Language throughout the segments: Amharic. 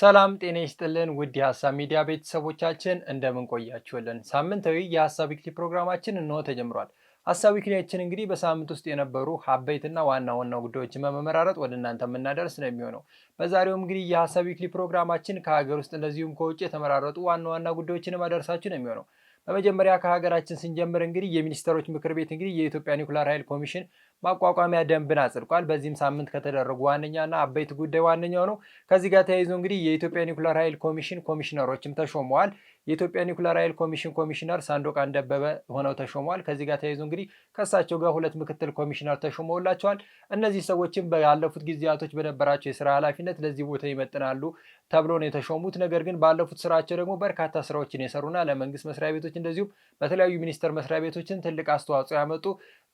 ሰላም ጤና ይስጥልን ውድ የሀሳብ ሚዲያ ቤተሰቦቻችን እንደምን ቆያችሁልን? ሳምንታዊ የሀሳብ ዊክሊ ፕሮግራማችን እንሆ ተጀምሯል። ሀሳብ ዊክሊያችን እንግዲህ በሳምንት ውስጥ የነበሩ አበይትና ዋና ዋና ጉዳዮችን በመመራረጥ ወደ እናንተ የምናደርስ ነው የሚሆነው። በዛሬውም እንግዲህ የሀሳብ ዊክሊ ፕሮግራማችን ከሀገር ውስጥ እንደዚሁም ከውጭ የተመራረጡ ዋና ዋና ጉዳዮችን ማደርሳችሁ ነው የሚሆነው በመጀመሪያ ከሀገራችን ስንጀምር እንግዲህ የሚኒስትሮች ምክር ቤት እንግዲህ የኢትዮጵያ ኒውክሌር ኃይል ኮሚሽን ማቋቋሚያ ደንብን አጽድቋል። በዚህም ሳምንት ከተደረጉ ዋነኛና አበይት ጉዳይ ዋነኛው ነው። ከዚህ ጋር ተያይዞ እንግዲህ የኢትዮጵያ ኒውክሌር ኃይል ኮሚሽን ኮሚሽነሮችም ተሾመዋል። የኢትዮጵያ ኒኩሌር ኃይል ኮሚሽን ኮሚሽነር ሳንዶቃን ደበበ ሆነው ተሾመዋል። ከዚህ ጋር ተያይዞ እንግዲህ ከእሳቸው ጋር ሁለት ምክትል ኮሚሽነር ተሾመውላቸዋል። እነዚህ ሰዎችም ባለፉት ጊዜያቶች በነበራቸው የስራ ኃላፊነት ለዚህ ቦታ ይመጥናሉ ተብሎ ነው የተሾሙት። ነገር ግን ባለፉት ስራቸው ደግሞ በርካታ ስራዎችን የሰሩና ለመንግስት መስሪያ ቤቶች እንደዚሁም በተለያዩ ሚኒስቴር መስሪያ ቤቶችን ትልቅ አስተዋጽኦ ያመጡ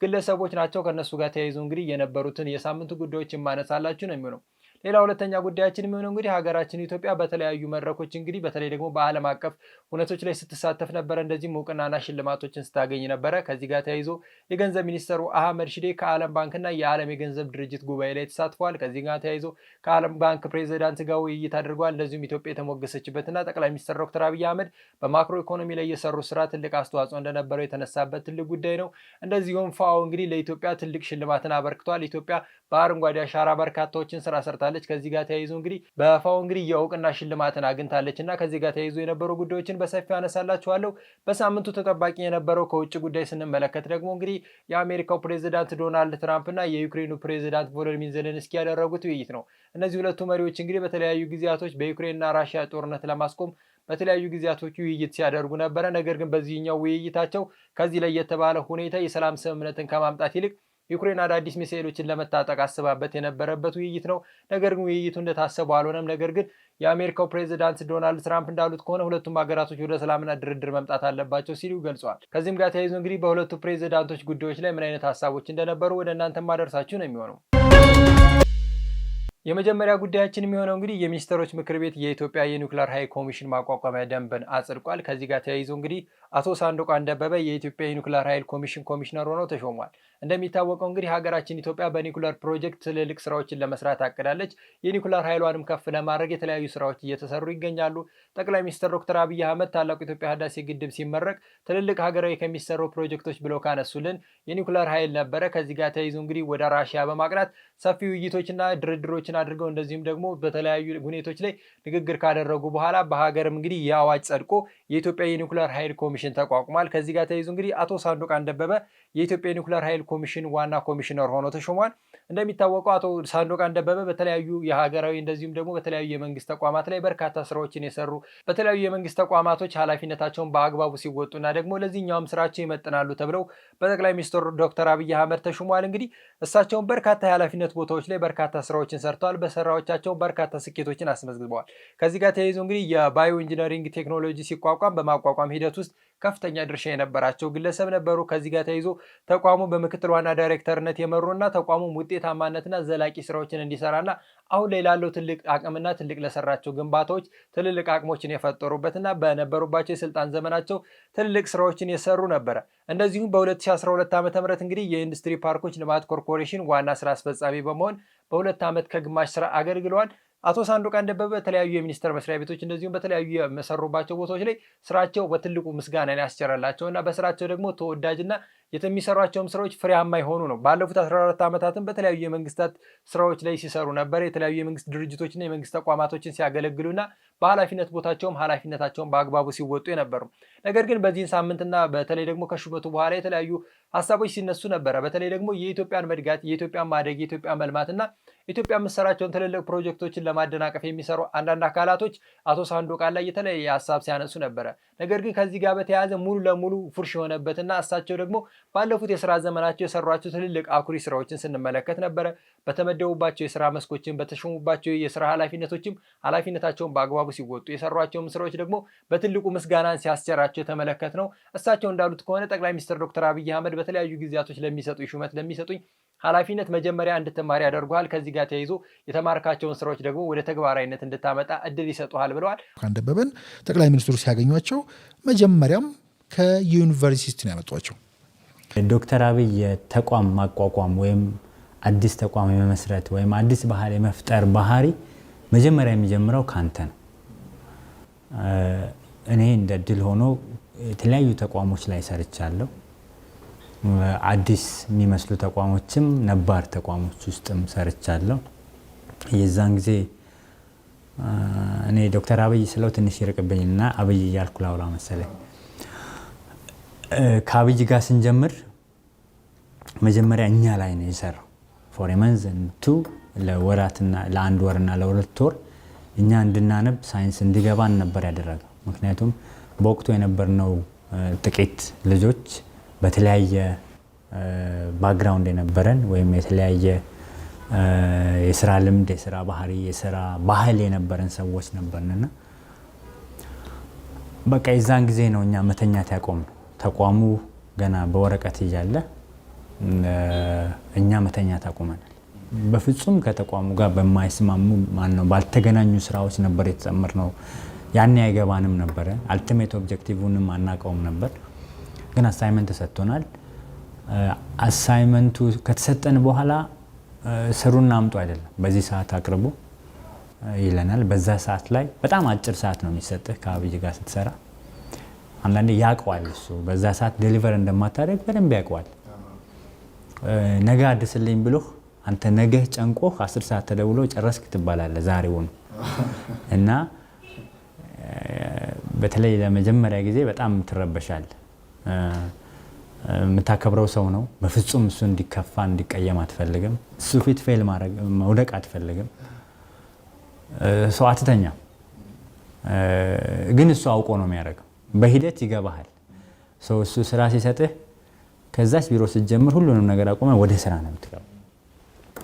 ግለሰቦች ናቸው። ከእነሱ ጋር ተያይዞ እንግዲህ የነበሩትን የሳምንቱ ጉዳዮች የማነሳላችሁ ነው የሚሆነው። ሌላ ሁለተኛ ጉዳያችን የሚሆነው እንግዲህ ሀገራችን ኢትዮጵያ በተለያዩ መድረኮች እንግዲህ በተለይ ደግሞ በዓለም አቀፍ እውነቶች ላይ ስትሳተፍ ነበረ። እንደዚህም እውቅናና ሽልማቶችን ስታገኝ ነበረ። ከዚህ ጋር ተያይዞ የገንዘብ ሚኒስትሩ አህመድ ሽዴ ከዓለም ባንክና የዓለም የገንዘብ ድርጅት ጉባኤ ላይ ተሳትፏል። ከዚህ ጋር ተያይዞ ከዓለም ባንክ ፕሬዚዳንት ጋር ውይይት አድርጓል። እንደዚሁም ኢትዮጵያ የተሞገሰችበትና ጠቅላይ ሚኒስትር ዶክተር አብይ አህመድ በማክሮ ኢኮኖሚ ላይ እየሰሩ ስራ ትልቅ አስተዋጽኦ እንደነበረው የተነሳበት ትልቅ ጉዳይ ነው። እንደዚሁም ፋኦ እንግዲህ ለኢትዮጵያ ትልቅ ሽልማትን አበርክቷል። ኢትዮጵያ በአረንጓዴ አሻራ በርካታዎችን ስራ ሰርታል። አግኝታለች። ከዚህ ጋር ተያይዞ እንግዲህ በፋው እንግዲህ የእውቅና ሽልማትን አግኝታለች እና ከዚህ ጋር ተያይዞ የነበሩ ጉዳዮችን በሰፊው አነሳላችኋለሁ። በሳምንቱ ተጠባቂ የነበረው ከውጭ ጉዳይ ስንመለከት ደግሞ እንግዲህ የአሜሪካው ፕሬዚዳንት ዶናልድ ትራምፕ እና የዩክሬኑ ፕሬዚዳንት ቮሎዲሚር ዜሌንስኪ ያደረጉት ውይይት ነው። እነዚህ ሁለቱ መሪዎች እንግዲህ በተለያዩ ጊዜያቶች በዩክሬንና ራሽያ ጦርነት ለማስቆም በተለያዩ ጊዜያቶች ውይይት ሲያደርጉ ነበረ። ነገር ግን በዚህኛው ውይይታቸው ከዚህ ላይ የተባለ ሁኔታ የሰላም ስምምነትን ከማምጣት ይልቅ ዩክሬን አዳዲስ ሚሳኤሎችን ለመታጠቅ አስባበት የነበረበት ውይይት ነው። ነገር ግን ውይይቱ እንደታሰቡ አልሆነም። ነገር ግን የአሜሪካው ፕሬዚዳንት ዶናልድ ትራምፕ እንዳሉት ከሆነ ሁለቱም ሀገራቶች ወደ ሰላምና ድርድር መምጣት አለባቸው ሲሉ ገልጸዋል። ከዚህም ጋር ተያይዞ እንግዲህ በሁለቱ ፕሬዚዳንቶች ጉዳዮች ላይ ምን አይነት ሀሳቦች እንደነበሩ ወደ እናንተ ማደርሳችሁ ነው የሚሆነው። የመጀመሪያ ጉዳያችን የሚሆነው እንግዲህ የሚኒስትሮች ምክር ቤት የኢትዮጵያ የኒውክሌር ኃይል ኮሚሽን ማቋቋሚያ ደንብን አጽድቋል። ከዚህ ጋር ተያይዞ እንግዲህ አቶ ሳንዶቅ ደበበ የኢትዮጵያ የኒኩሊር ኃይል ኮሚሽን ኮሚሽነር ሆነው ተሾሟል። እንደሚታወቀው እንግዲህ ሀገራችን ኢትዮጵያ በኒኩሊር ፕሮጀክት ትልልቅ ስራዎችን ለመስራት አቅዳለች። የኒኩሊር ኃይሏንም ከፍ ለማድረግ የተለያዩ ስራዎች እየተሰሩ ይገኛሉ። ጠቅላይ ሚኒስትር ዶክተር አብይ አህመድ ታላቁ ኢትዮጵያ ህዳሴ ግድብ ሲመረቅ ትልልቅ ሀገራዊ ከሚሰሩ ፕሮጀክቶች ብለው ካነሱልን የኒኩሊር ኃይል ነበረ። ከዚህ ጋር ተያይዞ እንግዲህ ወደ ራሽያ በማቅናት ሰፊ ውይይቶችና ድርድሮችን አድርገው እንደዚሁም ደግሞ በተለያዩ ሁኔቶች ላይ ንግግር ካደረጉ በኋላ በሀገርም እንግዲህ የአዋጅ ጸድቆ የኢትዮጵያ የኒኩሊር ኃይል ኮሚሽን ኮሚሽን ተቋቁሟል። ከዚህ ጋር ተያይዞ እንግዲህ አቶ ሳንዱቃን ደበበ የኢትዮጵያ ኒኩሌር ኃይል ኮሚሽን ዋና ኮሚሽነር ሆኖ ተሾሟል። እንደሚታወቀው አቶ ሳንዶቃን ደበበ በተለያዩ የሀገራዊ እንደዚሁም ደግሞ በተለያዩ የመንግስት ተቋማት ላይ በርካታ ስራዎችን የሰሩ በተለያዩ የመንግስት ተቋማቶች ኃላፊነታቸውን በአግባቡ ሲወጡና ደግሞ ለዚህኛውም ስራቸው ይመጥናሉ ተብለው በጠቅላይ ሚኒስትሩ ዶክተር አብይ አህመድ ተሾሟል። እንግዲህ እሳቸውን በርካታ የኃላፊነት ቦታዎች ላይ በርካታ ስራዎችን ሰርተዋል። በስራዎቻቸው በርካታ ስኬቶችን አስመዝግበዋል። ከዚህ ጋር ተያይዞ እንግዲህ የባዮ ኢንጂነሪንግ ቴክኖሎጂ ሲቋቋም በማቋቋም ሂደት ውስጥ ከፍተኛ ድርሻ የነበራቸው ግለሰብ ነበሩ። ከዚህ ጋር ተይዞ ተቋሙ በምክትል ዋና ዳይሬክተርነት የመሩና ተቋሙም ውጤታማነትና ዘላቂ ስራዎችን እንዲሰራና አሁን ላይ ላለው ትልቅ አቅምና ትልቅ ለሰራቸው ግንባታዎች ትልልቅ አቅሞችን የፈጠሩበትና በነበሩባቸው የስልጣን ዘመናቸው ትልልቅ ስራዎችን የሰሩ ነበረ። እንደዚሁም በ2012 ዓ ም እንግዲህ የኢንዱስትሪ ፓርኮች ልማት ኮርፖሬሽን ዋና ስራ አስፈጻሚ በመሆን በሁለት ዓመት ከግማሽ ስራ አገልግለዋል። አቶ ሳንዶቃን ደበበ በተለያዩ የሚኒስቴር መስሪያ ቤቶች እንደዚሁም በተለያዩ የመሰሩባቸው ቦታዎች ላይ ስራቸው በትልቁ ምስጋና ያስቸረላቸው እና በስራቸው ደግሞ ተወዳጅና የሚሰሯቸውም ስራዎች ፍሬያማ የሆኑ ነው። ባለፉት 14 ዓመታትም በተለያዩ የመንግስታት ስራዎች ላይ ሲሰሩ ነበር። የተለያዩ የመንግስት ድርጅቶችና የመንግስት ተቋማቶችን ሲያገለግሉና በኃላፊነት ቦታቸውም ኃላፊነታቸውን በአግባቡ ሲወጡ የነበሩ ነገር ግን በዚህን ሳምንትና በተለይ ደግሞ ከሹመቱ በኋላ የተለያዩ ሀሳቦች ሲነሱ ነበረ። በተለይ ደግሞ የኢትዮጵያን መድጋት፣ የኢትዮጵያን ማደግ፣ የኢትዮጵያ መልማትና ኢትዮጵያ የምትሰራቸውን ትልልቅ ፕሮጀክቶችን ለማደናቀፍ የሚሰሩ አንዳንድ አካላቶች አቶ ሳንዶቃን ላይ የተለያየ ሀሳብ ሲያነሱ ነበረ። ነገር ግን ከዚህ ጋር በተያያዘ ሙሉ ለሙሉ ፉርሽ የሆነበትና እሳቸው ደግሞ ባለፉት የስራ ዘመናቸው የሰሯቸው ትልልቅ አኩሪ ስራዎችን ስንመለከት ነበረ። በተመደቡባቸው የስራ መስኮችን በተሾሙባቸው የስራ ኃላፊነቶችም ኃላፊነታቸውን በአግባቡ ሲወጡ የሰሯቸውም ስራዎች ደግሞ በትልቁ ምስጋናን ሲያስቸራቸው የተመለከት ነው። እሳቸው እንዳሉት ከሆነ ጠቅላይ ሚኒስትር ዶክተር አብይ አህመድ በተለያዩ ጊዜያቶች ለሚሰጡኝ ሹመት ለሚሰጡኝ ኃላፊነት መጀመሪያ እንድትማር ያደርጉሃል። ከዚህ ጋር ተያይዞ የተማርካቸውን ስራዎች ደግሞ ወደ ተግባራዊነት እንድታመጣ እድል ይሰጡሃል ብለዋል። አንደበበን ጠቅላይ ሚኒስትሩ ሲያገኟቸው መጀመሪያም ከዩኒቨርሲቲ ነው ያመጧቸው። ዶክተር አብይ የተቋም ማቋቋም ወይም አዲስ ተቋም የመመስረት ወይም አዲስ ባህል የመፍጠር ባህሪ መጀመሪያ የሚጀምረው ካንተ ነው። እኔ እንደ ድል ሆኖ የተለያዩ ተቋሞች ላይ ሰርቻለሁ። አዲስ የሚመስሉ ተቋሞችም ነባር ተቋሞች ውስጥም ሰርቻለሁ። የዛን ጊዜ እኔ ዶክተር አብይ ስለው ትንሽ ይርቅብኝና አብይ እያልኩ ላውራ መሰለኝ ከአብይ ጋር ስንጀምር መጀመሪያ እኛ ላይ ነው የሰራው። ፎሬመንዝ ቱ ለወራትና ለአንድ ወርና ለሁለት ወር እኛ እንድናነብ ሳይንስ እንዲገባን ነበር ያደረገው። ምክንያቱም በወቅቱ የነበርነው ጥቂት ልጆች በተለያየ ባክግራውንድ የነበረን ወይም የተለያየ የስራ ልምድ፣ የስራ ባህሪ፣ የስራ ባህል የነበረን ሰዎች ነበርንና በቃ የዛን ጊዜ ነው እኛ መተኛት ያቆም ነው። ተቋሙ ገና በወረቀት እያለ እኛ መተኛ ታቁመናል በፍጹም ከተቋሙ ጋር በማይስማሙ ማነው ባልተገናኙ ስራዎች ነበር ነው ያኔ አይገባንም ነበረ። አልቲሜት ኦብጀክቲቭንም አናውቀውም ነበር። ግን አሳይመንት ተሰጥቶናል። አሳይመንቱ ከተሰጠን በኋላ ስሩና አምጡ አይደለም፣ በዚህ ሰዓት አቅርቡ ይለናል። በዛ ሰዓት ላይ በጣም አጭር ሰዓት ነው የሚሰጥህ ከአብይ ጋር ስትሰራ አንዳንዴ ያውቀዋል እሱ በዛ ሰዓት ዴሊቨር እንደማታደርግ በደንብ ያውቀዋል። ነገ አድስልኝ ብሎህ አንተ ነገ ጨንቆህ አስር ሰዓት ተደውሎ ጨረስክ ትባላለ ዛሬውን እና በተለይ ለመጀመሪያ ጊዜ በጣም ትረበሻል። የምታከብረው ሰው ነው። በፍጹም እሱ እንዲከፋ እንዲቀየም አትፈልግም። እሱ ፊት ፌል መውደቅ አትፈልግም። ሰው አትተኛ፣ ግን እሱ አውቆ ነው የሚያደርገው። በሂደት ይገባሃል። ሰው እሱ ስራ ሲሰጥህ ከዛች ቢሮ ስትጀምር ሁሉንም ነገር አቁመ ወደ ስራ ነው የምትገባው።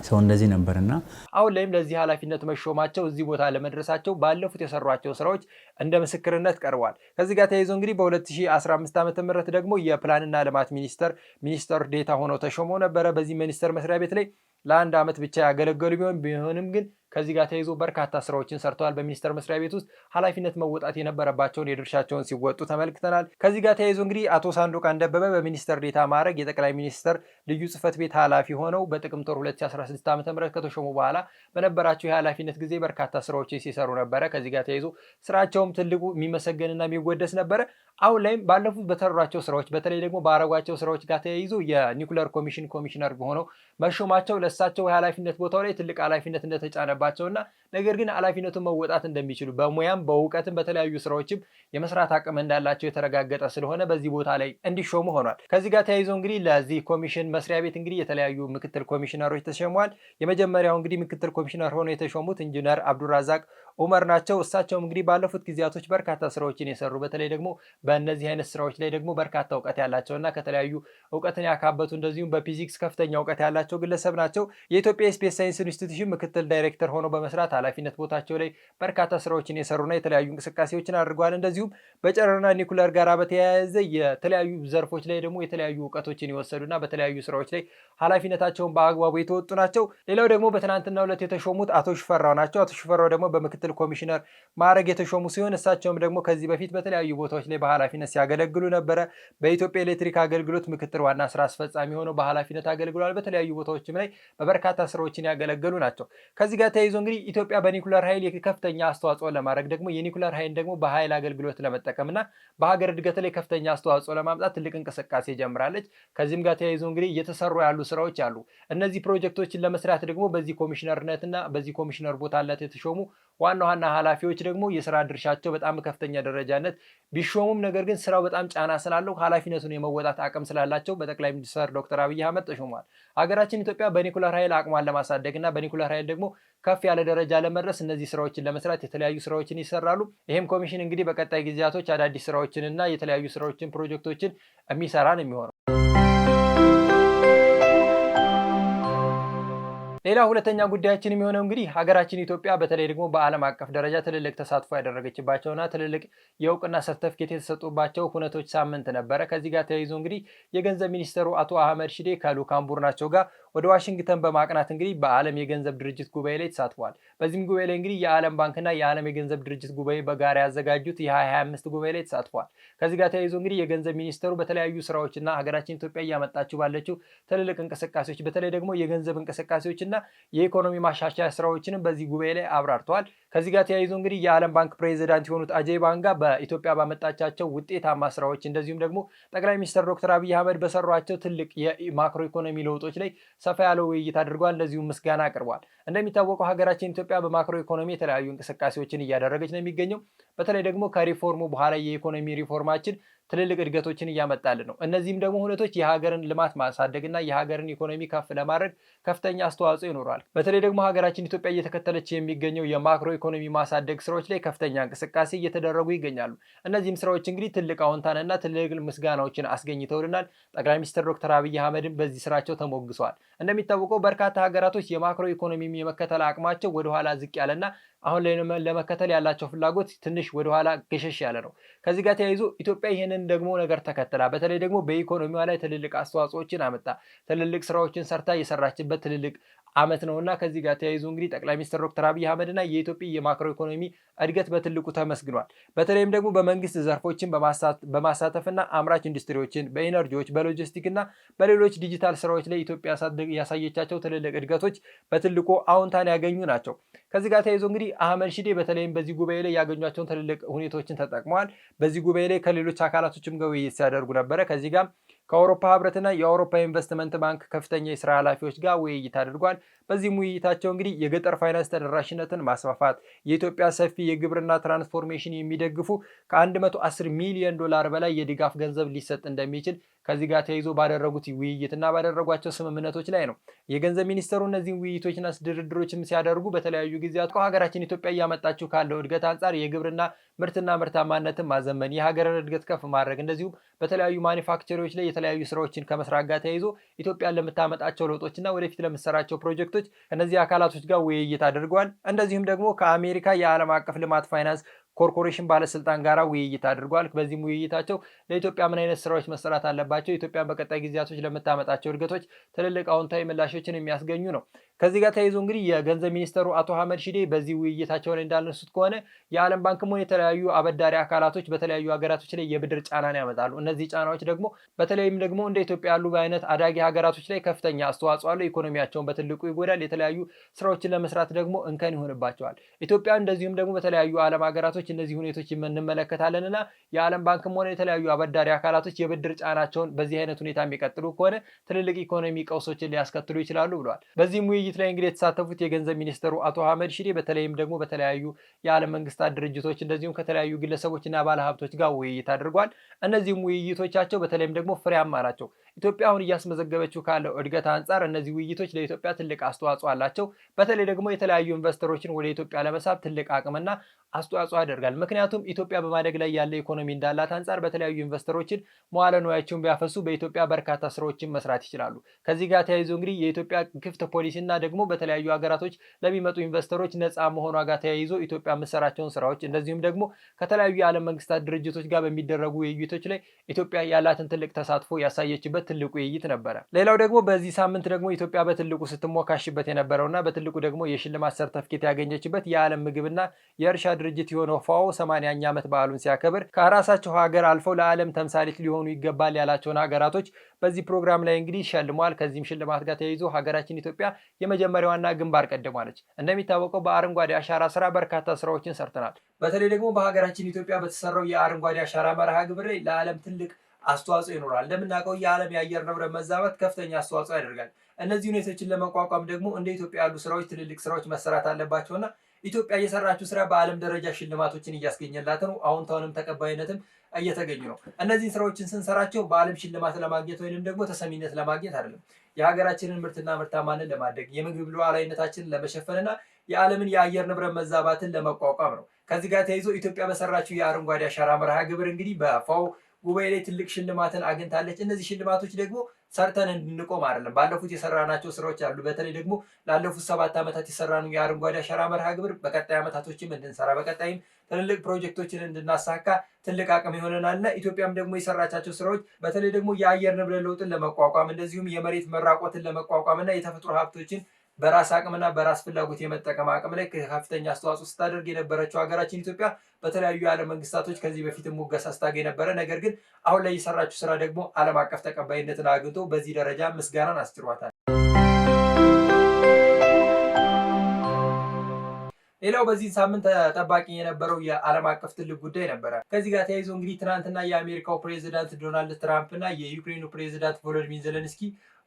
ሰው እንደዚህ ነበርና አሁን ላይም ለዚህ ኃላፊነት መሾማቸው እዚህ ቦታ ለመድረሳቸው ባለፉት የሰሯቸው ስራዎች እንደ ምስክርነት ቀርቧል። ከዚህ ጋር ተያይዞ እንግዲህ በ2015 ዓ ም ደግሞ የፕላንና ልማት ሚኒስተር ሚኒስትር ዴታ ሆነው ተሾመው ነበረ። በዚህ ሚኒስቴር መስሪያ ቤት ላይ ለአንድ ዓመት ብቻ ያገለገሉ ቢሆን ቢሆንም ግን ከዚህ ጋር ተይዞ በርካታ ስራዎችን ሰርተዋል። በሚኒስቴር መስሪያ ቤት ውስጥ ኃላፊነት መወጣት የነበረባቸውን የድርሻቸውን ሲወጡ ተመልክተናል። ከዚህ ጋር ተያይዞ እንግዲህ አቶ ሳንዶቃን ደበበ በሚኒስተር ዴታ ማዕረግ የጠቅላይ ሚኒስተር ልዩ ጽህፈት ቤት ኃላፊ ሆነው በጥቅምት ወር 2016 ዓ ም ከተሾሙ በኋላ በነበራቸው የኃላፊነት ጊዜ በርካታ ስራዎች ሲሰሩ ነበረ። ከዚህ ጋር ተያይዞ ስራቸውም ትልቁ የሚመሰገንና የሚወደስ ነበረ። አሁን ላይም ባለፉት በተሯቸው ስራዎች በተለይ ደግሞ ባረጓቸው ስራዎች ጋር ተያይዞ የኒኩለር ኮሚሽን ኮሚሽነር ሆነው መሾማቸው ለእሳቸው የኃላፊነት ቦታው ላይ ትልቅ ኃላፊነት እንደተጫነባ ነበረባቸውና ነገር ግን ኃላፊነቱን መወጣት እንደሚችሉ በሙያም በእውቀትም በተለያዩ ስራዎችም የመስራት አቅም እንዳላቸው የተረጋገጠ ስለሆነ በዚህ ቦታ ላይ እንዲሾሙ ሆኗል። ከዚህ ጋር ተያይዞ እንግዲህ ለዚህ ኮሚሽን መስሪያ ቤት እንግዲህ የተለያዩ ምክትል ኮሚሽነሮች ተሸሟል። የመጀመሪያው እንግዲህ ምክትል ኮሚሽነር ሆነው የተሾሙት ኢንጂነር አብዱራዛቅ ኡመር ናቸው። እሳቸውም እንግዲህ ባለፉት ጊዜያቶች በርካታ ስራዎችን የሰሩ በተለይ ደግሞ በእነዚህ አይነት ስራዎች ላይ ደግሞ በርካታ እውቀት ያላቸው እና ከተለያዩ እውቀትን ያካበቱ እንደዚሁም በፊዚክስ ከፍተኛ እውቀት ያላቸው ግለሰብ ናቸው። የኢትዮጵያ ስፔስ ሳይንስ ኢንስቲትዩሽን ምክትል ዳይሬክተር ሆኖ በመስራት ኃላፊነት ቦታቸው ላይ በርካታ ስራዎችን የሰሩና የተለያዩ እንቅስቃሴዎችን አድርገዋል። እንደዚሁም በጨረርና ኒኩለር ጋር በተያያዘ የተለያዩ ዘርፎች ላይ ደግሞ የተለያዩ እውቀቶችን የወሰዱና በተለያዩ ስራዎች ላይ ኃላፊነታቸውን በአግባቡ የተወጡ ናቸው። ሌላው ደግሞ በትናንትና ዕለት የተሾሙት አቶ ሽፈራው ናቸው። አቶ ሽፈራው ደግሞ በምክትል ምክትል ኮሚሽነር ማዕረግ የተሾሙ ሲሆን እሳቸውም ደግሞ ከዚህ በፊት በተለያዩ ቦታዎች ላይ በኃላፊነት ሲያገለግሉ ነበረ። በኢትዮጵያ ኤሌክትሪክ አገልግሎት ምክትል ዋና ስራ አስፈጻሚ ሆነው በኃላፊነት አገልግሏል። በተለያዩ ቦታዎችም ላይ በበርካታ ስራዎችን ያገለገሉ ናቸው። ከዚህ ጋር ተያይዞ እንግዲህ ኢትዮጵያ በኒኩለር ኃይል ከፍተኛ አስተዋጽኦ ለማድረግ ደግሞ የኒኩለር ኃይል ደግሞ በኃይል አገልግሎት ለመጠቀምና በሀገር እድገት ላይ ከፍተኛ አስተዋጽኦ ለማምጣት ትልቅ እንቅስቃሴ ጀምራለች። ከዚህም ጋር ተያይዞ እንግዲህ እየተሰሩ ያሉ ስራዎች አሉ። እነዚህ ፕሮጀክቶችን ለመስራት ደግሞ በዚህ ኮሚሽነርነትና በዚህ ኮሚሽነር ቦታነት የተሾሙ ዋና ዋና ኃላፊዎች ደግሞ የስራ ድርሻቸው በጣም በከፍተኛ ደረጃነት ቢሾሙም ነገር ግን ስራው በጣም ጫና ስላለው ኃላፊነቱን የመወጣት አቅም ስላላቸው በጠቅላይ ሚኒስትር ዶክተር አብይ አህመድ ተሾሟል። ሀገራችን ኢትዮጵያ በኒኩለር ኃይል አቅሟን ለማሳደግ እና በኒኩለር ኃይል ደግሞ ከፍ ያለ ደረጃ ለመድረስ እነዚህ ስራዎችን ለመስራት የተለያዩ ስራዎችን ይሰራሉ። ይህም ኮሚሽን እንግዲህ በቀጣይ ጊዜያቶች አዳዲስ ስራዎችን እና የተለያዩ ስራዎችን ፕሮጀክቶችን የሚሰራ ነው የሚሆነው። ሌላ ሁለተኛ ጉዳያችን የሚሆነው እንግዲህ ሀገራችን ኢትዮጵያ በተለይ ደግሞ በዓለም አቀፍ ደረጃ ትልልቅ ተሳትፎ ያደረገችባቸውና ትልልቅ የእውቅና ሰርተፍኬት የተሰጡባቸው ሁነቶች ሳምንት ነበረ። ከዚህ ጋር ተያይዞ እንግዲህ የገንዘብ ሚኒስተሩ አቶ አህመድ ሽዴ ከሉካም ቡርናቸው ጋር ወደ ዋሽንግተን በማቅናት እንግዲህ በዓለም የገንዘብ ድርጅት ጉባኤ ላይ ተሳትፏል። በዚህም ጉባኤ ላይ እንግዲህ የዓለም ባንክና የዓለም የገንዘብ ድርጅት ጉባኤ በጋራ ያዘጋጁት የ2025 ጉባኤ ላይ ተሳትፏል። ከዚህ ጋር ተያይዞ እንግዲህ የገንዘብ ሚኒስተሩ በተለያዩ ስራዎችና ሀገራችን ኢትዮጵያ እያመጣችው ባለችው ትልልቅ እንቅስቃሴዎች በተለይ ደግሞ የገንዘብ እንቅስቃሴዎች እና የኢኮኖሚ ማሻሻያ ስራዎችንም በዚህ ጉባኤ ላይ አብራርተዋል። ከዚህ ጋር ተያይዞ እንግዲህ የዓለም ባንክ ፕሬዚዳንት የሆኑት አጀይ ባንጋ በኢትዮጵያ ባመጣቻቸው ውጤታማ ስራዎች እንደዚሁም ደግሞ ጠቅላይ ሚኒስትር ዶክተር አብይ አህመድ በሰሯቸው ትልቅ የማክሮ ኢኮኖሚ ለውጦች ላይ ሰፋ ያለው ውይይት አድርገዋል። እንደዚሁም ምስጋና አቅርበዋል። እንደሚታወቀው ሀገራችን ኢትዮጵያ በማክሮ ኢኮኖሚ የተለያዩ እንቅስቃሴዎችን እያደረገች ነው የሚገኘው። በተለይ ደግሞ ከሪፎርሙ በኋላ የኢኮኖሚ ሪፎርማችን ትልልቅ እድገቶችን እያመጣልን ነው። እነዚህም ደግሞ ሁነቶች የሀገርን ልማት ማሳደግና የሀገርን ኢኮኖሚ ከፍ ለማድረግ ከፍተኛ አስተዋጽኦ ይኖረዋል። በተለይ ደግሞ ሀገራችን ኢትዮጵያ እየተከተለች የሚገኘው የማክሮ ኢኮኖሚ ማሳደግ ስራዎች ላይ ከፍተኛ እንቅስቃሴ እየተደረጉ ይገኛሉ። እነዚህም ስራዎች እንግዲህ ትልቅ አዎንታንና ትልቅ ምስጋናዎችን አስገኝተውልናል። ጠቅላይ ሚኒስትር ዶክተር አብይ አህመድን በዚህ ስራቸው ተሞግሰዋል። እንደሚታወቀው በርካታ ሀገራቶች የማክሮ ኢኮኖሚ የመከተል አቅማቸው ወደኋላ ዝቅ ያለና አሁን ላይ ለመከተል ያላቸው ፍላጎት ትንሽ ወደኋላ ገሸሽ ያለ ነው። ከዚህ ጋር ተያይዞ ኢትዮጵያ ይህንን ደግሞ ነገር ተከትላ በተለይ ደግሞ በኢኮኖሚዋ ላይ ትልልቅ አስተዋጽኦችን አመጣ ትልልቅ ስራዎችን ሰርታ የሰራችበት ትልልቅ ዓመት ነውና ከዚህ ጋር ተያይዞ እንግዲህ ጠቅላይ ሚኒስትር ዶክተር አብይ አህመድ እና የኢትዮጵያ የማክሮ ኢኮኖሚ እድገት በትልቁ ተመስግኗል። በተለይም ደግሞ በመንግስት ዘርፎችን በማሳተፍና አምራች ኢንዱስትሪዎችን በኢነርጂዎች፣ በሎጂስቲክና በሌሎች ዲጂታል ስራዎች ላይ ኢትዮጵያ ያሳየቻቸው ትልልቅ እድገቶች በትልቁ አዎንታን ያገኙ ናቸው። ከዚህ ጋር ተያይዞ እንግዲህ አህመድ ሺዴ በተለይም በዚህ ጉባኤ ላይ ያገኟቸውን ትልልቅ ሁኔታዎችን ተጠቅመዋል። በዚህ ጉባኤ ላይ ከሌሎች አካላቶችም ጋር ውይይት ሲያደርጉ ነበረ ከዚህ ጋር ከአውሮፓ ህብረትና የአውሮፓ ኢንቨስትመንት ባንክ ከፍተኛ የስራ ኃላፊዎች ጋር ውይይት አድርጓል። በዚህም ውይይታቸው እንግዲህ የገጠር ፋይናንስ ተደራሽነትን ማስፋፋት፣ የኢትዮጵያ ሰፊ የግብርና ትራንስፎርሜሽን የሚደግፉ ከ110 ሚሊዮን ዶላር በላይ የድጋፍ ገንዘብ ሊሰጥ እንደሚችል ከዚህ ጋር ተያይዞ ባደረጉት ውይይት ባደረጓቸው ስምምነቶች ላይ ነው። የገንዘብ ሚኒስተሩ እነዚህን ውይይቶችና ድርድሮችም ሲያደርጉ በተለያዩ ጊዜያት ሀገራችን ኢትዮጵያ እያመጣችው ካለው እድገት አንጻር የግብርና ምርትና ምርታማነትን ማዘመን፣ የሀገርን እድገት ከፍ ማድረግ እንደዚሁም በተለያዩ ማኒፋክቸሪዎች ላይ የተለያዩ ስራዎችን ከመስራት ጋር ተያይዞ ኢትዮጵያን ለምታመጣቸው ለውጦችና ወደፊት ለምትሰራቸው ፕሮጀክቶች አካላቶች ከነዚህ አካላቶች ጋር ውይይት አድርገዋል። እንደዚሁም ደግሞ ከአሜሪካ የዓለም አቀፍ ልማት ፋይናንስ ኮርፖሬሽን ባለስልጣን ጋር ውይይት አድርጓል። በዚህም ውይይታቸው ለኢትዮጵያ ምን አይነት ስራዎች መሰራት አለባቸው፣ ኢትዮጵያ በቀጣይ ጊዜያቶች ለምታመጣቸው እድገቶች ትልልቅ አዎንታዊ ምላሾችን የሚያስገኙ ነው። ከዚህ ጋር ተያይዞ እንግዲህ የገንዘብ ሚኒስተሩ አቶ አህመድ ሺዴ በዚህ ውይይታቸው ላይ እንዳነሱት ከሆነ የዓለም ባንክም ሆነ የተለያዩ አበዳሪ አካላቶች በተለያዩ ሀገራቶች ላይ የብድር ጫናን ያመጣሉ። እነዚህ ጫናዎች ደግሞ በተለይም ደግሞ እንደ ኢትዮጵያ ያሉ በአይነት አዳጊ ሀገራቶች ላይ ከፍተኛ አስተዋጽኦ አለው። ኢኮኖሚያቸውን በትልቁ ይጎዳል። የተለያዩ ስራዎችን ለመስራት ደግሞ እንከን ይሆንባቸዋል። ኢትዮጵያ እንደዚሁም ደግሞ በተለያዩ ዓለም ሀገራቶች እነዚህ ሁኔቶች እንመለከታለን እና የዓለም ባንክም ሆነ የተለያዩ አበዳሪ አካላቶች የብድር ጫናቸውን በዚህ አይነት ሁኔታ የሚቀጥሉ ከሆነ ትልልቅ ኢኮኖሚ ቀውሶችን ሊያስከትሉ ይችላሉ ብለዋል። በዚህም ውይይት ላይ እንግዲህ የተሳተፉት የገንዘብ ሚኒስትሩ አቶ አህመድ ሽዴ በተለይም ደግሞ በተለያዩ የዓለም መንግስታት ድርጅቶች እንደዚሁም ከተለያዩ ግለሰቦችና ባለሀብቶች ጋር ውይይት አድርጓል። እነዚህም ውይይቶቻቸው በተለይም ደግሞ ፍሬያማ ናቸው። ኢትዮጵያ አሁን እያስመዘገበችው ካለው እድገት አንጻር እነዚህ ውይይቶች ለኢትዮጵያ ትልቅ አስተዋጽኦ አላቸው። በተለይ ደግሞ የተለያዩ ኢንቨስተሮችን ወደ ኢትዮጵያ ለመሳብ ትልቅ አቅምና አስተዋጽኦ ያደርጋል። ምክንያቱም ኢትዮጵያ በማደግ ላይ ያለ ኢኮኖሚ እንዳላት አንጻር በተለያዩ ኢንቨስተሮችን መዋለ ንዋያቸውን ቢያፈሱ በኢትዮጵያ በርካታ ስራዎችን መስራት ይችላሉ። ከዚህ ጋር ተያይዞ እንግዲህ የኢትዮጵያ ክፍት ፖሊሲና ደግሞ በተለያዩ ሀገራቶች ለሚመጡ ኢንቨስተሮች ነፃ መሆኗ ጋር ተያይዞ ኢትዮጵያ የምትሰራቸውን ስራዎች እንደዚሁም ደግሞ ከተለያዩ የዓለም መንግስታት ድርጅቶች ጋር በሚደረጉ ውይይቶች ላይ ኢትዮጵያ ያላትን ትልቅ ተሳትፎ ያሳየችበት ትልቁ ውይይት ነበረ። ሌላው ደግሞ በዚህ ሳምንት ደግሞ ኢትዮጵያ በትልቁ ስትሞካሽበት የነበረውና በትልቁ ደግሞ የሽልማት ሰርተፍኬት ያገኘችበት የዓለም ምግብና የእርሻ ድርጅት የሆነው ፋኦ ሰማንያኛ ዓመት በዓሉን ሲያከብር ከራሳቸው ሀገር አልፈው ለዓለም ተምሳሌት ሊሆኑ ይገባል ያላቸውን ሀገራቶች በዚህ ፕሮግራም ላይ እንግዲህ ሸልሟል። ከዚህም ሽልማት ጋር ተያይዞ ሀገራችን ኢትዮጵያ የመጀመሪያዋና ግንባር ቀደማለች እንደሚታወቀው በአረንጓዴ አሻራ ስራ በርካታ ስራዎችን ሰርተናል። በተለይ ደግሞ በሀገራችን ኢትዮጵያ በተሰራው የአረንጓዴ አሻራ መርሃ ግብር ላይ ለዓለም ትልቅ አስተዋጽኦ ይኖራል። እንደምናውቀው የዓለም የአየር ንብረት መዛባት ከፍተኛ አስተዋጽኦ ያደርጋል። እነዚህ ሁኔታዎችን ለመቋቋም ደግሞ እንደ ኢትዮጵያ ያሉ ስራዎች ትልልቅ ስራዎች መሰራት አለባቸውና ኢትዮጵያ እየሰራችው ስራ በዓለም ደረጃ ሽልማቶችን እያስገኘላት ነው። አዎንታውንም ተቀባይነትም እየተገኙ ነው። እነዚህን ስራዎችን ስንሰራቸው በዓለም ሽልማት ለማግኘት ወይንም ደግሞ ተሰሚነት ለማግኘት አይደለም። የሀገራችንን ምርትና ምርታማንን ለማድረግ የምግብ ሉዓላዊነታችንን ለመሸፈንና የዓለምን የአየር ንብረት መዛባትን ለመቋቋም ነው። ከዚህ ጋር ተይዞ ኢትዮጵያ በሰራችው የአረንጓዴ አሻራ መርሃ ግብር እንግዲህ በፋው ጉባኤ ላይ ትልቅ ሽልማትን አግኝታለች። እነዚህ ሽልማቶች ደግሞ ሰርተን እንድንቆም አይደለም፣ ባለፉት የሰራናቸው ስራዎች አሉ። በተለይ ደግሞ ላለፉት ሰባት ዓመታት የሰራነው የአረንጓዴ አሻራ መርሃ ግብር በቀጣይ ዓመታቶችም እንድንሰራ በቀጣይም ትልልቅ ፕሮጀክቶችን እንድናሳካ ትልቅ አቅም ይሆነናልና ኢትዮጵያም ደግሞ የሰራቻቸው ስራዎች በተለይ ደግሞ የአየር ንብረት ለውጥን ለመቋቋም እንደዚሁም የመሬት መራቆትን ለመቋቋም እና የተፈጥሮ ሀብቶችን በራስ አቅምና በራስ ፍላጎት የመጠቀም አቅም ላይ ከፍተኛ አስተዋጽኦ ስታደርግ የነበረችው ሀገራችን ኢትዮጵያ በተለያዩ የዓለም መንግስታቶች ከዚህ በፊት ሙገሳ ስታገኝ ነበረ። ነገር ግን አሁን ላይ የሰራችው ስራ ደግሞ ዓለም አቀፍ ተቀባይነትን አግኝቶ በዚህ ደረጃ ምስጋናን አስችሯታል። ሌላው በዚህ ሳምንት ተጠባቂ የነበረው የዓለም አቀፍ ትልቅ ጉዳይ ነበረ። ከዚህ ጋር ተያይዞ እንግዲህ ትናንትና የአሜሪካው ፕሬዚዳንት ዶናልድ ትራምፕ እና የዩክሬኑ ፕሬዚዳንት ቮሎዲሚር ዘለንስኪ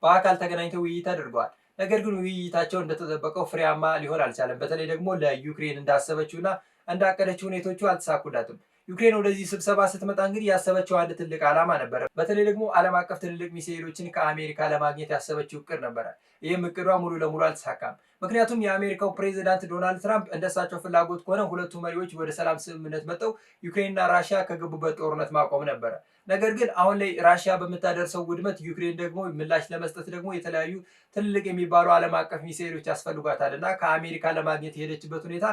በአካል ተገናኝተው ውይይት አድርገዋል። ነገር ግን ውይይታቸው እንደተጠበቀው ፍሬያማ ሊሆን አልቻለም። በተለይ ደግሞ ለዩክሬን እንዳሰበችውና እንዳቀደችው ሁኔቶቹ አልተሳኩላትም። ዩክሬን ወደዚህ ስብሰባ ስትመጣ እንግዲህ ያሰበችው አንድ ትልቅ ዓላማ ነበረ። በተለይ ደግሞ ዓለም አቀፍ ትልልቅ ሚሳኤሎችን ከአሜሪካ ለማግኘት ያሰበችው እቅድ ነበረ። ይህም እቅዷ ሙሉ ለሙሉ አልተሳካም። ምክንያቱም የአሜሪካው ፕሬዚዳንት ዶናልድ ትራምፕ እንደሳቸው ፍላጎት ከሆነ ሁለቱ መሪዎች ወደ ሰላም ስምምነት መጠው ዩክሬንና ራሽያ ከገቡበት ጦርነት ማቆም ነበረ። ነገር ግን አሁን ላይ ራሽያ በምታደርሰው ውድመት ዩክሬን ደግሞ ምላሽ ለመስጠት ደግሞ የተለያዩ ትልልቅ የሚባሉ ዓለም አቀፍ ሚሳኤሎች ያስፈልጓታል እና ከአሜሪካ ለማግኘት የሄደችበት ሁኔታ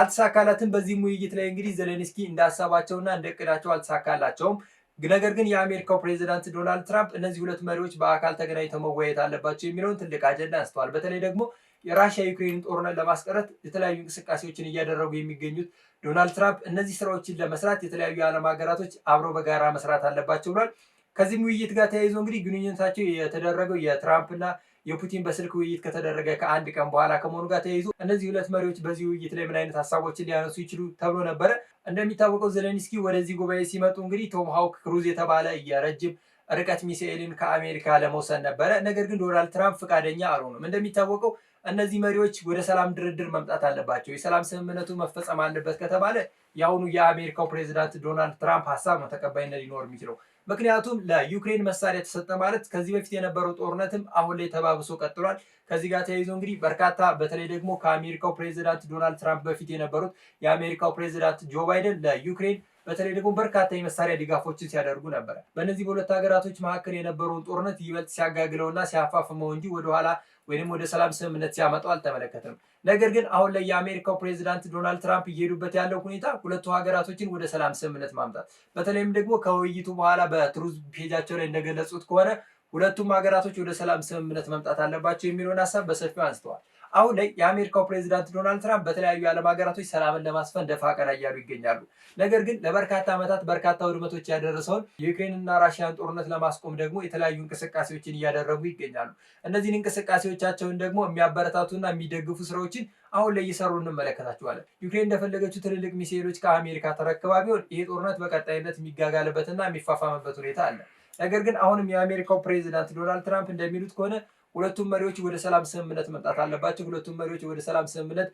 አልተሳካላትም። በዚህም ውይይት ላይ እንግዲህ ዘሌንስኪ እንዳሰባቸውና እንደቅዳቸው አልተሳካላቸውም። ነገር ግን የአሜሪካው ፕሬዚዳንት ዶናልድ ትራምፕ እነዚህ ሁለት መሪዎች በአካል ተገናኝተው መወያየት አለባቸው የሚለውን ትልቅ አጀንዳ አንስተዋል። በተለይ ደግሞ የራሽያ ዩክሬን ጦርነት ለማስቀረት የተለያዩ እንቅስቃሴዎችን እያደረጉ የሚገኙት ዶናልድ ትራምፕ እነዚህ ስራዎችን ለመስራት የተለያዩ የዓለም ሀገራቶች አብረው በጋራ መስራት አለባቸው ብሏል። ከዚህም ውይይት ጋር ተያይዞ እንግዲህ ግንኙነታቸው የተደረገው የትራምፕና የፑቲን በስልክ ውይይት ከተደረገ ከአንድ ቀን በኋላ ከመሆኑ ጋር ተያይዞ እነዚህ ሁለት መሪዎች በዚህ ውይይት ላይ ምን አይነት ሀሳቦችን ሊያነሱ ይችሉ ተብሎ ነበረ። እንደሚታወቀው ዜሌንስኪ ወደዚህ ጉባኤ ሲመጡ እንግዲህ ቶም ሃውክ ክሩዝ የተባለ የረጅም ርቀት ሚሳኤልን ከአሜሪካ ለመውሰድ ነበረ። ነገር ግን ዶናልድ ትራምፕ ፈቃደኛ አልሆኑም። እንደሚታወቀው እነዚህ መሪዎች ወደ ሰላም ድርድር መምጣት አለባቸው። የሰላም ስምምነቱ መፈጸም አለበት ከተባለ የአሁኑ የአሜሪካው ፕሬዚዳንት ዶናልድ ትራምፕ ሀሳብ ነው ተቀባይነት ሊኖር የሚችለው። ምክንያቱም ለዩክሬን መሳሪያ ተሰጠ ማለት ከዚህ በፊት የነበረው ጦርነትም አሁን ላይ ተባብሶ ቀጥሏል። ከዚህ ጋር ተያይዞ እንግዲህ በርካታ በተለይ ደግሞ ከአሜሪካው ፕሬዚዳንት ዶናልድ ትራምፕ በፊት የነበሩት የአሜሪካው ፕሬዚዳንት ጆ ባይደን ለዩክሬን በተለይ ደግሞ በርካታ የመሳሪያ ድጋፎችን ሲያደርጉ ነበረ። በእነዚህ በሁለት ሀገራቶች መካከል የነበረውን ጦርነት ይበልጥ ሲያጋግለውና ሲያፋፍመው እንጂ ወደኋላ ወይም ወደ ሰላም ስምምነት ሲያመጣው አልተመለከትም። ነገር ግን አሁን ላይ የአሜሪካው ፕሬዚዳንት ዶናልድ ትራምፕ እየሄዱበት ያለው ሁኔታ ሁለቱ ሀገራቶችን ወደ ሰላም ስምምነት ማምጣት፣ በተለይም ደግሞ ከውይይቱ በኋላ በትሩዝ ፔጃቸው ላይ እንደገለጹት ከሆነ ሁለቱም ሀገራቶች ወደ ሰላም ስምምነት መምጣት አለባቸው የሚለውን ሀሳብ በሰፊው አንስተዋል። አሁን ላይ የአሜሪካው ፕሬዚዳንት ዶናልድ ትራምፕ በተለያዩ የዓለም ሀገራቶች ሰላምን ለማስፈን ደፋ ቀና እያሉ ይገኛሉ። ነገር ግን ለበርካታ ዓመታት በርካታ ውድመቶች ያደረሰውን የዩክሬንና ራሽያን ጦርነት ለማስቆም ደግሞ የተለያዩ እንቅስቃሴዎችን እያደረጉ ይገኛሉ። እነዚህን እንቅስቃሴዎቻቸውን ደግሞ የሚያበረታቱና የሚደግፉ ስራዎችን አሁን ላይ እየሰሩ እንመለከታቸዋለን። ዩክሬን እንደፈለገችው ትልልቅ ሚሳኤሎች ከአሜሪካ ተረክባ ቢሆን ይሄ ጦርነት በቀጣይነት የሚጋጋልበትና የሚፋፋምበት ሁኔታ አለ። ነገር ግን አሁንም የአሜሪካው ፕሬዚዳንት ዶናልድ ትራምፕ እንደሚሉት ከሆነ ሁለቱም መሪዎች ወደ ሰላም ስምምነት መምጣት አለባቸው። ሁለቱም መሪዎች ወደ ሰላም ስምምነት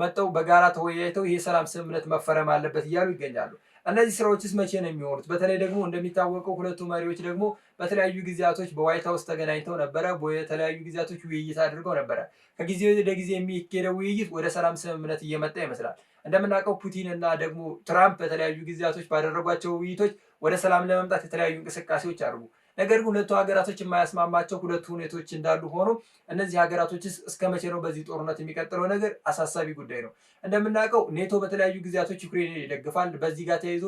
መጠው በጋራ ተወያይተው ይሄ ሰላም ስምምነት መፈረም አለበት እያሉ ይገኛሉ። እነዚህ ስራዎችስ መቼ ነው የሚሆኑት? በተለይ ደግሞ እንደሚታወቀው ሁለቱ መሪዎች ደግሞ በተለያዩ ጊዜያቶች በዋይት ሀውስ ተገናኝተው ነበረ። በተለያዩ ጊዜያቶች ውይይት አድርገው ነበረ። ከጊዜ ወደ ጊዜ የሚሄደው ውይይት ወደ ሰላም ስምምነት እየመጣ ይመስላል። እንደምናውቀው ፑቲን እና ደግሞ ትራምፕ በተለያዩ ጊዜያቶች ባደረጓቸው ውይይቶች ወደ ሰላም ለመምጣት የተለያዩ እንቅስቃሴዎች አድርጉ ነገር ግን ሁለቱ ሀገራቶች የማያስማማቸው ሁለቱ ሁኔቶች እንዳሉ ሆኖ እነዚህ ሀገራቶች እስከ መቼ ነው በዚህ ጦርነት የሚቀጥለው ነገር አሳሳቢ ጉዳይ ነው። እንደምናውቀው ኔቶ በተለያዩ ጊዜያቶች ዩክሬን ይደግፋል። በዚህ ጋር ተያይዞ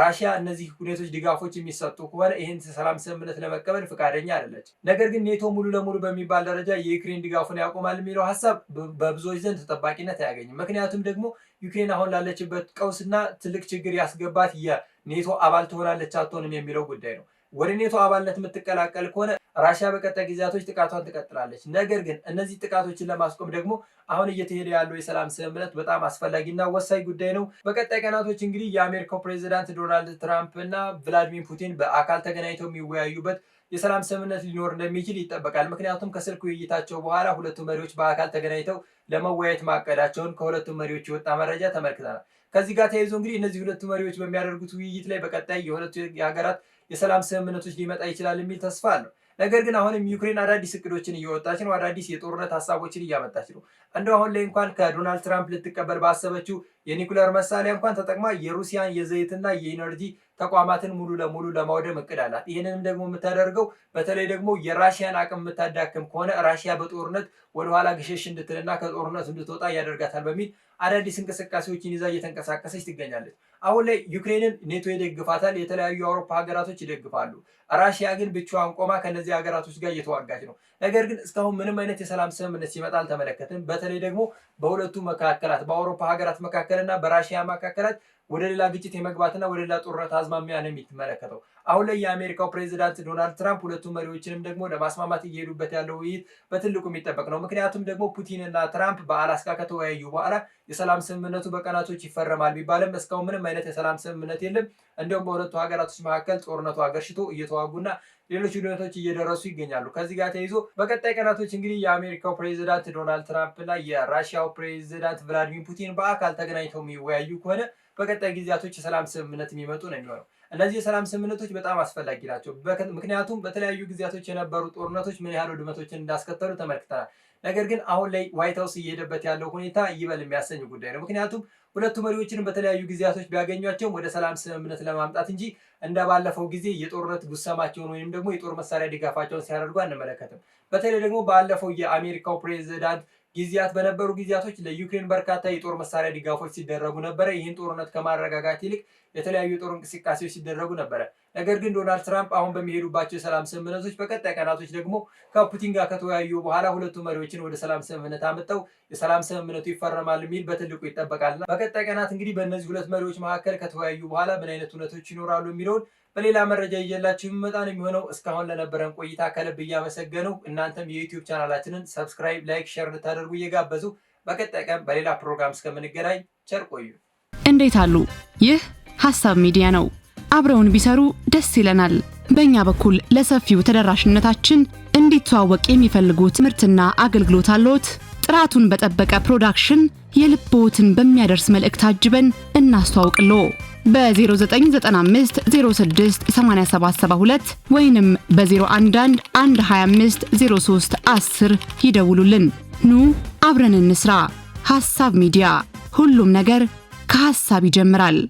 ራሽያ እነዚህ ሁኔቶች ድጋፎች የሚሰጡ ከሆነ ይህን ሰላም ስምምነት ለመቀበል ፈቃደኛ አይደለች። ነገር ግን ኔቶ ሙሉ ለሙሉ በሚባል ደረጃ የዩክሬን ድጋፉን ያቆማል የሚለው ሀሳብ በብዙዎች ዘንድ ተጠባቂነት አያገኝም። ምክንያቱም ደግሞ ዩክሬን አሁን ላለችበት ቀውስና ትልቅ ችግር ያስገባት የኔቶ አባል ትሆናለች አትሆንም የሚለው ጉዳይ ነው። ወደ ኔቶ አባልነት የምትቀላቀል ከሆነ ራሽያ በቀጣይ ጊዜያቶች ጥቃቷን ትቀጥላለች። ነገር ግን እነዚህ ጥቃቶችን ለማስቆም ደግሞ አሁን እየተሄደ ያለው የሰላም ስምምነት በጣም አስፈላጊና ወሳኝ ጉዳይ ነው። በቀጣይ ቀናቶች እንግዲህ የአሜሪካው ፕሬዚዳንት ዶናልድ ትራምፕ እና ቭላዲሚር ፑቲን በአካል ተገናኝተው የሚወያዩበት የሰላም ስምምነት ሊኖር እንደሚችል ይጠበቃል። ምክንያቱም ከስልክ ውይይታቸው በኋላ ሁለቱ መሪዎች በአካል ተገናኝተው ለመወያየት ማቀዳቸውን ከሁለቱ መሪዎች የወጣ መረጃ ተመልክተናል። ከዚህ ጋር ተያይዞ እንግዲህ እነዚህ ሁለቱ መሪዎች በሚያደርጉት ውይይት ላይ በቀጣይ የሁለቱ የሀገራት የሰላም ስምምነቶች ሊመጣ ይችላል የሚል ተስፋ አለው። ነገር ግን አሁንም ዩክሬን አዳዲስ እቅዶችን እየወጣች ነው። አዳዲስ የጦርነት ሀሳቦችን እያመጣች ነው። እንደው አሁን ላይ እንኳን ከዶናልድ ትራምፕ ልትቀበል ባሰበችው የኒኩለር መሳሪያ እንኳን ተጠቅማ የሩሲያን የዘይትና የኢነርጂ ተቋማትን ሙሉ ለሙሉ ለማውደም እቅድ አላት። ይህንንም ደግሞ የምታደርገው በተለይ ደግሞ የራሽያን አቅም የምታዳክም ከሆነ ራሽያ በጦርነት ወደኋላ ግሸሽ እንድትልና ከጦርነቱ እንድትወጣ ያደርጋታል በሚል አዳዲስ እንቅስቃሴዎችን ይዛ እየተንቀሳቀሰች ትገኛለች። አሁን ላይ ዩክሬንን ኔቶ ይደግፋታል፣ የተለያዩ የአውሮፓ ሀገራቶች ይደግፋሉ። ራሽያ ግን ብቻዋን ቆማ ከነዚህ ሀገራቶች ጋር እየተዋጋች ነው። ነገር ግን እስካሁን ምንም አይነት የሰላም ስምምነት ሲመጣ አልተመለከትም። በተለይ ደግሞ በሁለቱ መካከላት፣ በአውሮፓ ሀገራት መካከልና በራሽያ መካከላት ወደ ሌላ ግጭት የመግባትና ወደ ሌላ ጦርነት አዝማሚያ ነው የምትመለከተው። አሁን ላይ የአሜሪካው ፕሬዚዳንት ዶናልድ ትራምፕ ሁለቱ መሪዎችንም ደግሞ ለማስማማት እየሄዱበት ያለው ውይይት በትልቁ የሚጠበቅ ነው። ምክንያቱም ደግሞ ፑቲንና ትራምፕ በአላስካ ከተወያዩ በኋላ የሰላም ስምምነቱ በቀናቶች ይፈረማል ቢባልም እስካሁን ምንም አይነት የሰላም ስምምነት የለም። እንዲሁም በሁለቱ ሀገራቶች መካከል ጦርነቱ አገርሽቶ እየተዋጉና ሌሎች ሁኔታዎች እየደረሱ ይገኛሉ። ከዚህ ጋር ተይዞ በቀጣይ ቀናቶች እንግዲህ የአሜሪካው ፕሬዚዳንት ዶናልድ ትራምፕ እና የራሽያው ፕሬዚዳንት ቭላዲሚር ፑቲን በአካል ተገናኝተው የሚወያዩ ከሆነ በቀጣይ ጊዜያቶች የሰላም ስምምነት የሚመጡ ነው የሚሆነው። እነዚህ የሰላም ስምምነቶች በጣም አስፈላጊ ናቸው። ምክንያቱም በተለያዩ ጊዜያቶች የነበሩ ጦርነቶች ምን ያህል ውድመቶችን እንዳስከተሉ ተመልክተናል። ነገር ግን አሁን ላይ ዋይት ሀውስ እየሄደበት ያለው ሁኔታ ይበል የሚያሰኝ ጉዳይ ነው። ምክንያቱም ሁለቱ መሪዎችን በተለያዩ ጊዜያቶች ቢያገኟቸውም ወደ ሰላም ስምምነት ለማምጣት እንጂ እንደ ባለፈው ጊዜ የጦርነት ጉሰማቸውን ወይም ደግሞ የጦር መሳሪያ ድጋፋቸውን ሲያደርጉ አንመለከትም። በተለይ ደግሞ ባለፈው የአሜሪካው ፕሬዚዳንት ጊዜያት በነበሩ ጊዜያቶች ለዩክሬን በርካታ የጦር መሳሪያ ድጋፎች ሲደረጉ ነበረ። ይህን ጦርነት ከማረጋጋት ይልቅ የተለያዩ የጦር እንቅስቃሴዎች ሲደረጉ ነበረ። ነገር ግን ዶናልድ ትራምፕ አሁን በሚሄዱባቸው የሰላም ስምምነቶች፣ በቀጣይ ቀናቶች ደግሞ ከፑቲን ጋር ከተወያዩ በኋላ ሁለቱ መሪዎችን ወደ ሰላም ስምምነት አምጠው የሰላም ስምምነቱ ይፈረማል የሚል በትልቁ ይጠበቃልና በቀጣይ ቀናት እንግዲህ በእነዚህ ሁለት መሪዎች መካከል ከተወያዩ በኋላ ምን አይነት እውነቶች ይኖራሉ የሚለውን በሌላ መረጃ እየላችሁ የሚመጣ የሚሆነው። እስካሁን ለነበረን ቆይታ ከልብ እያመሰገኑ እናንተም የዩቲዩብ ቻናላችንን ሰብስክራይብ፣ ላይክ፣ ሼር እንድታደርጉ እየጋበዙ በቀጣይ ቀን በሌላ ፕሮግራም እስከምንገናኝ ቸር ቆዩ። እንዴት አሉ? ይህ ሀሳብ ሚዲያ ነው። አብረውን ቢሰሩ ደስ ይለናል። በእኛ በኩል ለሰፊው ተደራሽነታችን እንዲተዋወቅ የሚፈልጉት ምርትና አገልግሎት አለዎት? ጥራቱን በጠበቀ ፕሮዳክሽን የልብዎትን በሚያደርስ መልእክት አጅበን እናስተዋውቅልዎ። በ0995 06 8772 ወይንም በ011 125 03 10 ይደውሉልን። ኑ አብረን እንስራ። ሐሳብ ሚዲያ፣ ሁሉም ነገር ከሐሳብ ይጀምራል።